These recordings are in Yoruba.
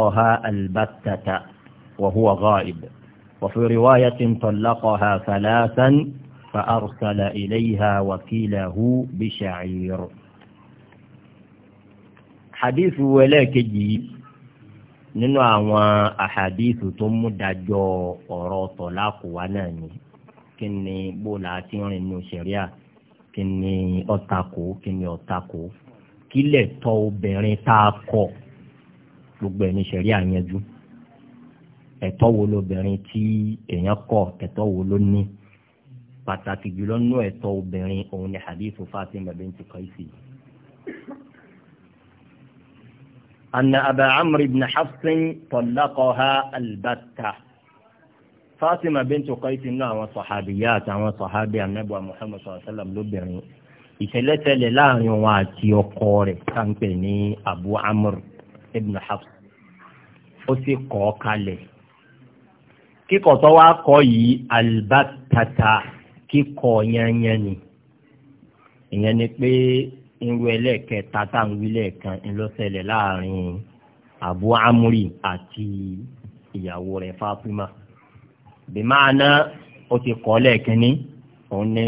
طلقها البتة وهو غائب وفي رواية طلقها ثلاثا فأرسل إليها وكيله بشعير حديث ولاكجي nínú àwọn àhàdíìsì tó mú dájọ́ ọ̀rọ̀ tọ̀láàkù wá náà ni kí ni bóòlà ti ń rìn nínú sẹ̀ríà kí ni ọ̀tàkù kí ni ọ̀tàkù kílẹ̀ tọ́ gbogbo ẹni sẹ̀rí àyànjú ẹ̀tọ́ wo lobìnrin tí èèyàn kọ̀ ẹ̀tọ́ wo ló ní pàtàkì jùlọ nínú ẹ̀tọ́ obìnrin òun ni hadithu Fatima binti Qaisi. أن أبا عمرو بن حفص طلقها البتة Fatima bintu Qaisi nínú àwọn sọ̀hábìyà àtàwọn sọ̀hábì ànábì Muhammad sallallahu alaihi wasallam lóbìnrin ìṣẹ̀lẹ̀ tẹ̀lé láàrin wọn àti ọkọ rẹ̀ tá ń pè ní Abu Amr ibn Hafs ó sì kọ́ kalẹ̀ kíkọ̀ tó wá kọ́ yìí albatata kíkọ̀ yányán ni ìyẹn ni pé irú ẹlẹ́ẹ̀kẹta tá à ń wí lẹ́ẹ̀kan ńlọ́sẹ̀lẹ̀ láàrin Abu amuri àti ìyàwó rẹ̀ Fatima bí máa ná ó ti kọ́ lẹ́ẹ̀kínní òun ni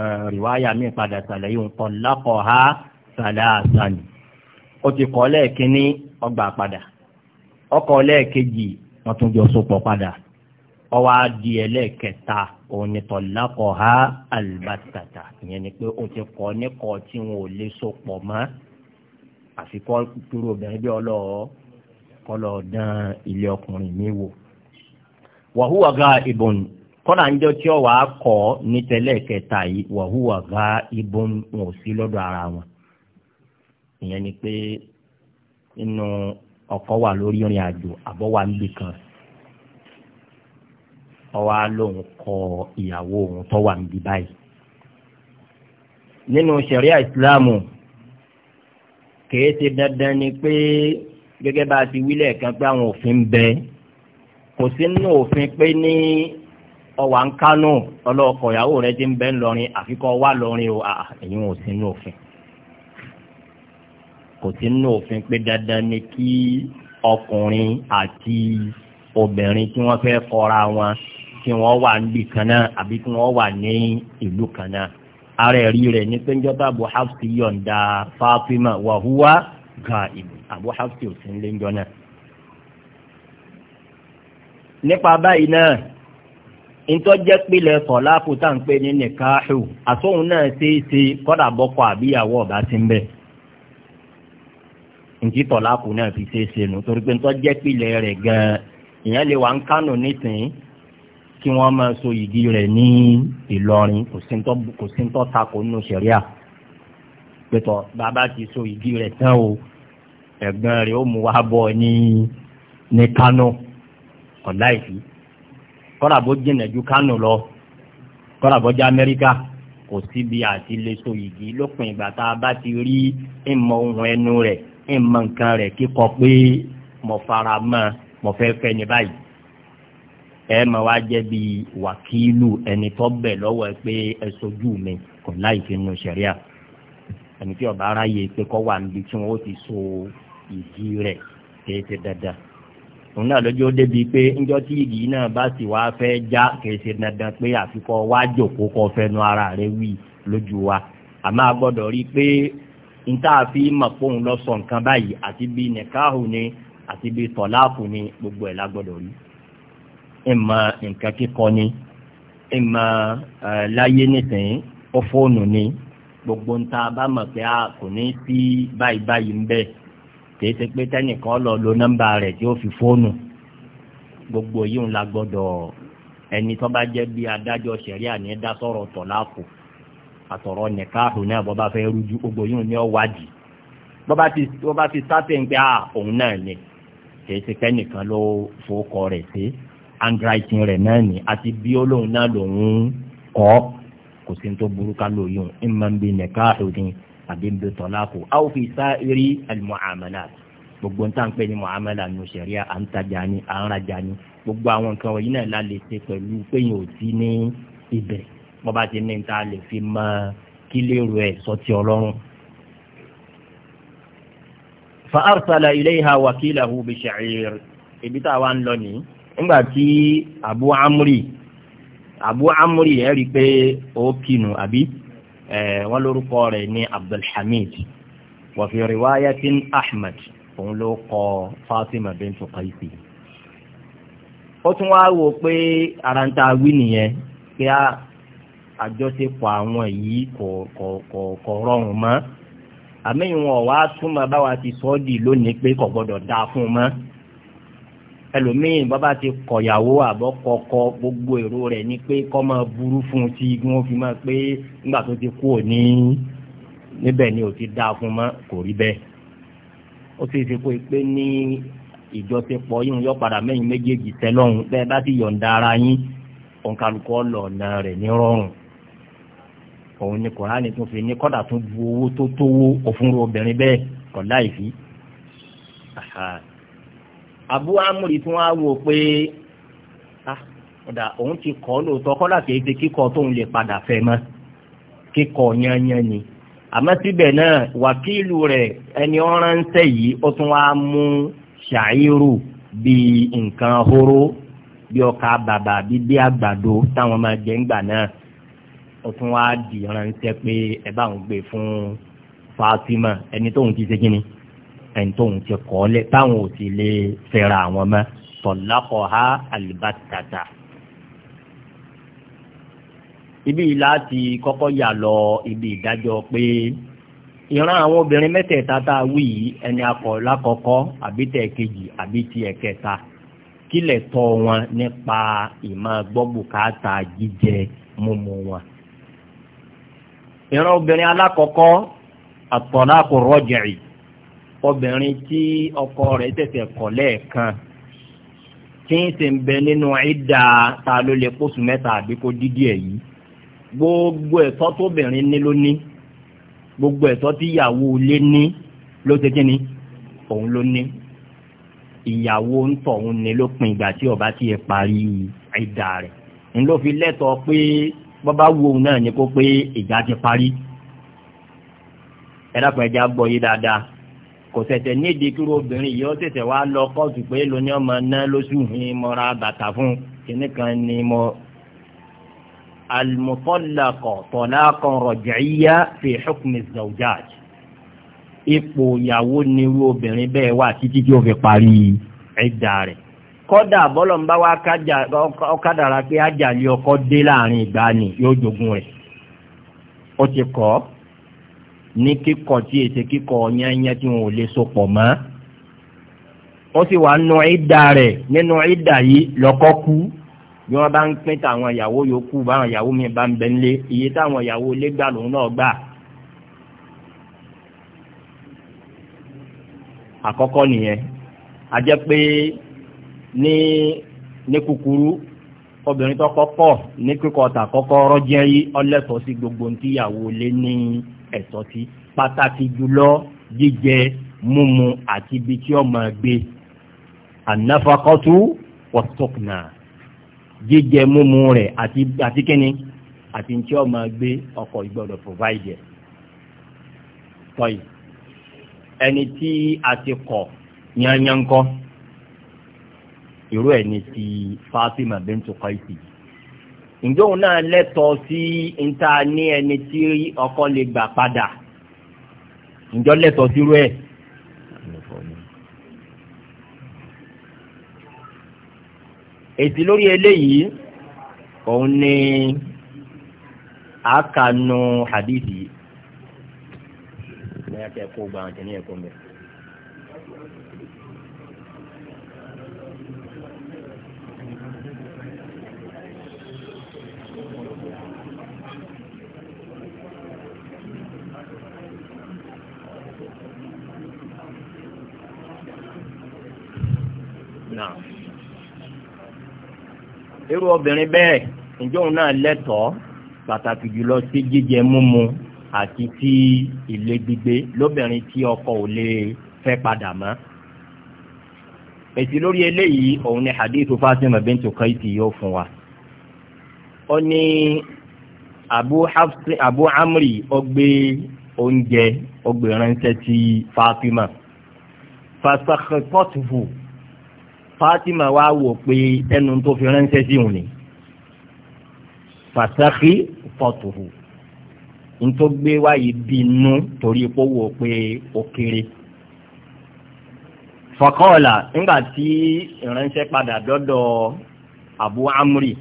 eh, rìwáyà mi padà sàlẹ̀ yìí ń kọ́ lákọ̀ọ́ ha sàlẹ̀ àṣà ni. ó ti kọ́ ní ọgbà padà ọkọ̀ lẹ́ẹ̀kejì wọ́n tún jọ sopọ̀ padà ọwọ́ adi ẹlẹ́ẹ̀kẹta onítọ̀lákọ̀ ha albatata ìyẹn ni pé ó ti kọ́ níkọ̀ tí wọn ò lè sopọ̀ mọ́ àfikọ́ kúrò obìnrin bí ọlọ́ọ̀ kọ́lọ̀ dán ilé ọkùnrin mi wò wàhúwà ìbọn kọ́nà ń jọ tí ọ wàá kọ́ ní tẹ́lẹ̀ kẹta yìí wàhúwà ìbọn wọn ò sí lọ́dọ̀ ara wọn ìyẹn ni pé nínú ọkọ wà lórí ìrìn àjò àbọ̀ wà níbì kan ọwọ́ á kọ ìyàwó òun tó wà níbí báyìí nínú ṣẹ̀ríà ìsìláàmù kìí ṣe dandan ni pé gẹ́gẹ́ bá a ti wílẹ̀ kan pé àwọn òfin ń bẹ kò sí nínú òfin pé ní ọwà ń kánú ọlọ́ọ̀kọ̀ ìyàwó rẹ ti ń bẹ ńlọrin àfikọ́ wà lọrin o àà ò sí nínú òfin kò sí nínú òfin pé dandan ni kí ọkùnrin àti obìnrin tí wọ́n fẹ́ kọra wọn kí wọ́n wà níbi kan náà àbí kí wọ́n wà ní ìlú kan náà ara ẹ̀rí rẹ̀ ní pé njọ́tà abu hafsi yọ̀ǹda fáfímà wàhúwá ga ìlú abu hafsi ò sí ń lé njọ́ náà. nípa báyìí náà ntọ́jẹ́ pilẹ̀ sọ̀láàpù tá à ń pè ní nìkaáhù àsóhun náà ṣeé ṣe kọ́dà bọ́kọ àbíyàwó ọ̀bá ti ń bẹ̀ njí tọ̀láàkù náà fi ṣe é ṣe nù torí pé nítorí jẹ́ pìlẹ̀ rẹ̀ gan-an ìyẹn lè wà ń kánò nísìnyí kí wọ́n máa so ìdí rẹ̀ ní Ìlọrin kò sí ń takò nínú ṣẹ̀ríà pẹ̀tọ̀ bàbá ti so ìdí rẹ̀ tán o ẹ̀gbọ́n rẹ̀ ó mú wá bọ̀ ní ní kánò ọ̀la ìfì kọ́ra bó jìnà ju kánò lọ kọ́ra bó jẹ́ Amẹ́ríkà kò síbi àti lè so ìdí lópin ìgbà tá a bá ti rí ìmọ̀ ohun ẹnu rẹ̀ ìmọ̀ nǹkan rẹ̀ kíkọ pé mo fara mọ́ mo fẹ́ fẹ́ ní báyìí ẹ mà wá jẹ́ bí wàkílù ẹni tó bẹ̀ lọ́wọ́ ẹ pé ẹ sojú mi kò láì fi nu sẹ̀ríà ẹni tí ọba aráyè pé kọ́ wà níbi tí wọ́n ti so ìdí rẹ̀ kéèké dandan òun náà lọ́jọ́ débi pé ńjọ́ tí ìdí náà bá sì wá fẹ́ já kéèké dandan pé àfikọ́ wá jòkó kọ́ fẹ́nu ara rẹ̀ wí lójú wa àmọ́ a gbọ́dọ̀ rí i pé níta fi mọ̀ pé òun lọ sọ nǹkan báyìí àti bí nìkáhù ni àti bí tọ̀láàfù ni gbogbo ẹ̀ lágbọ́dọ̀ rí ìmọ̀ nǹkan kíkọ ni ìmọ̀ láyé nìsín ó fóònù ni gbogbo ń ta bá mọ̀ pé a kò ní sí báyìí báyìí ń bẹ̀ kìí ṣe pé tẹ́nìkan lọ lo nọ́mbà rẹ̀ tí ó fi fóònù gbogbo yìí ń la ẹni tó bá jẹ́ bí adájọ́ ṣẹ̀ríà ní dá sọ̀rọ̀ tọ̀láàfù àtọ̀rọ̀ nìkáàhùn náà bọ́ bá fẹ́ rújú gbogbo yóò ní ọ̀wádìí bọ́ bá ti ń pé à òun náà ni kìí ṣe kẹ́nìkan ló fowókọ rẹ̀ sí handwriting rẹ̀ náà ni àti bí olóhùn náà lòun kọ́ kò sí tó burú ká lò yóò ń máa ń bi nìkáàhùn ni àbí ń bi tọ́lá kù a ó fi sá rí àlùmọ̀àmàlà gbogbo ń tà ń pè ní mọ̀àmàlà à ń tajà ni à ń rajà ni gbogbo àwọn nǹkan wọ̀nyí náà lálẹ́ ṣe pẹ̀lú péyìn òtí ní ibẹ̀ mo bá ti ní ta lè fi mọ kí lérò ẹ̀ sọtí ọlọ́run. fa arsala ilayha wakilahu bi sha'ir ibi tá a wá ń lọ nìyí nígbà tí abu amri abu amri ẹ̀ rí i pé ó kinu àbí wọ́n lórúkọ rẹ̀ ní abdulhamid wa riwayatin ahmed òun ló kọ fatima bintu qaisi ó tún wá wò pé ara nìyẹn pé a àjọṣepọ̀ àwọn yìí kò rọrùn mọ́ àmì ìwọ̀n wá túmọ̀ báwa ti sọ ọ́ dì lónìí pé kò gbọ́dọ̀ dáa fún un mọ́ ẹlòmíín bàbá ti kọ̀yàwó àbọ̀ kọ̀kọ́ gbogbo èrò rẹ̀ ni pé kọ́ máa burú fún un tí wọ́n fi máa pé nígbà tó ti kú òní níbẹ̀ ni ò ti dáa fún un mọ́ kò rí bẹ́ẹ̀ ó sì ṣe pé pé ní ìjọsepọ̀ yìí yọ padà mẹ́yìn méjèèjì tẹ́lọ́hún bẹ́ẹ̀ bá ti yọ̀ǹda ara yín òǹkàlùkọ́ lọ̀ọ̀nà rẹ̀ ní rọrùn òun ni kòránì tún fi ní kọ́dà tún bu owó tó tówó òfúnru obìnrin bẹ́ẹ̀ kọ̀ láìfí. àbú amúri tí wọ́n á wò pé ah, ọ̀dà òun ti kọ́ lóòótọ́ kọ́dà kìí kíkọ́ tóun lè padà fẹ́ mọ́ kíkọ́ yanyan ni àmọ́ síbẹ̀ náà wàkílù rẹ̀ ẹni ọ̀ránṣẹ́ yìí ó tún wá mú ṣàìrù bíi nǹkan horo bí ọkà bàbà bíi bí àgbàdo táwọn máa jẹ ńgbà náà ó tún wá di ránṣẹ́ pé ẹ bá òun gbé fún Fatima ẹni tóun ti ṣe kíni ẹni tóun ti kọ́ lẹ táwọn ò sì lè fẹ́ra àwọn mọ́ tọ̀lákọ̀ ha àlìbátàtà. ibi yìí láti kọ́kọ́ yà lọ ibi ìdájọ́ pé ìran àwọn obìnrin mẹ́tẹ̀ẹ̀ta tá a wí yìí ẹni akọ̀ lákọ̀ọ́kọ́ àbí tẹ̀ kejì àbí tiẹ̀ kẹta kílẹ̀ tọ́ wọn nípa ìmọ̀ gbọ́bùkátà jíjẹ mímu wọn ìran obìnrin alákọ̀ọ́kọ́ àtọ̀láàkù rọ́jẹ̀rì obìnrin tí ọkọ rẹ̀ tẹ̀sẹ̀ kọ̀ lẹ́ẹ̀kan tí ń sì ń bẹ nínú ìdá ta ló lè pósù mẹ́ta àbí kó dídí ẹ̀ yìí gbogbo ẹ̀tọ́ tóbìnrin ní ló ní gbogbo ẹ̀tọ́ tí ìyàwó ilé ní ló ṣe kí ni òun ló ní ìyàwó ń tọ̀ òun ní lópin ìgbà tí ọba ti ẹ̀ parí ìdá rẹ̀ ń ló fi lẹ́tọ̀ọ́ pé bọ́bá wo òun náà ni kó pé ìjà ti parí ẹ dákun ẹja gbọ́ yé dáadáa kò ṣẹ̀ṣẹ̀ nídìí kúrò obìnrin yìí ó ṣẹ̀ṣẹ̀ wá lọ kóòtù pé lóní ọmọ náà lóṣù ní mo ra bàtà fún kínní kan ni mo almutallaqo talaqan raj'iyya fi hukm az ipò ìyàwó nírú obìnrin bẹ́ẹ̀ wà títí tí ó fi parí ẹ̀dá rẹ̀ kọ́dà bọ́lọ̀mbá wá kádàrà pé ájàlí ọkọ̀ dé láàrin ìgbà ni yóò jogun rẹ̀ ó ti kọ́ ní kíkọ̀ tí èsè kíkọ̀ yányá tí wọn ò lè sopọ̀ mọ́ ó sì wà nù ìdá rẹ̀ nínú ìdá yìí lọ́kọ́ kú bí wọ́n bá ń pín táwọn ìyàwó yòókù báwọn ìyàwó mi bá ń bẹ nílé iye táwọn ìyàwó ilé lòun náà gbà. àkọ́kọ́ nìyẹn a jẹ́ pé ní ní kúkúrú obìnrin tó kọ́kọ́ ní kíkọ́ ta kọ́kọ́ rọ́jẹ́ yí ọlẹ́tọ̀ọ́ sí gbogbo ní tíyàwó lé ní ẹ̀tọ́ tí pàtàkì jùlọ jíjẹ múmu àti ibi tí ó máa gbé ànáfàkọ́tú wọ́tọ́kùnà jíjẹ múmu rẹ̀ àti àti kíni àti tí ó máa gbé ọkọ ìgbọ́dọ̀ provide ẹni tí a ti kọ̀ yanyan irú ẹ̀ ní ti Fatima bintu Qaisi ǹjẹ́ òun náà lẹ́tọ̀ọ́ sí níta ní ẹni tí ọkọ lè gbà padà ǹjọ́ lẹ́tọ̀ọ́ sí irú ẹ̀. èsì lórí eléyìí òun ni àkànú hadithi ní akẹ́kọ̀ọ́ gbàǹtẹ̀ ní ẹ̀kọ́ mẹ́rin. náà irú obìnrin bẹ́ẹ̀ ǹjẹ́ òun náà lẹ́tọ̀ọ́ pàtàkì jùlọ sí jíjẹ múmu àti sí ilé gbígbé lóbìnrin tí ọkọ ò lè fẹ́ padà mọ́ èsì lórí eléyìí òun ni hadithu Fatima bintu Qaisi yóò fún wa ó ní Abu Hafsi Amri ó gbé oúnjẹ ó gbé ránṣẹ́ sí Fatima fasakhakothu Fatima wá wò pé ẹnu tó fi ránṣẹ́ sí òun ni fàṣàkì fọ̀tùhù nítorí gbé wáyé bínú torí pé wò pé ó kéré fọkọ́ọ̀là nígbà tí ìránṣẹ́ padà dọ́dọ̀ Abu Amri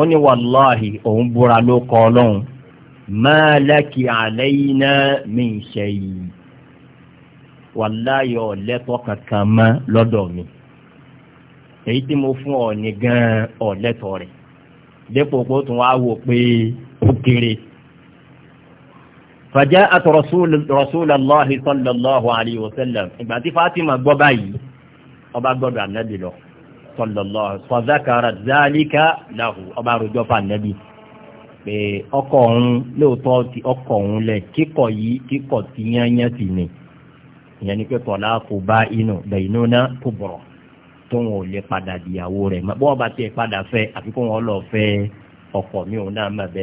ó ní wàláhì òun búra ló kọ ọlọ́run máa laki alayna min shay yìí. wàláyọ̀ ọ̀lẹ́tọ̀ kankan mọ́ lọ́dọ̀ mi èyí tí mo fún ọ ní gan ọ̀lẹ́tọ̀ rẹ̀ dépò pé ó tún wá wò pé ó kéré. فجاءت رسول رسول الله صلى الله عليه sẹ́lẹ̀ ìgbà tí Fatima gbọ́ báyìí gbọ́dọ̀ Ànábì lọ ọkọ òun lóòótọ́ ti òun lẹ̀ kíkọ̀ yìí kíkọ̀ ìyẹn ni pé tọ̀lá kò bá inú bẹ̀yìnú náà kò bọ̀rọ̀ tó wọn ò lè padà dìyàwó rẹ̀ mọ́ bọ́n bá tiẹ̀ padà fẹ́ àfikún wọn lọ fẹ́ ọkọ̀ mi òun náà mọ̀ bẹ́ẹ̀.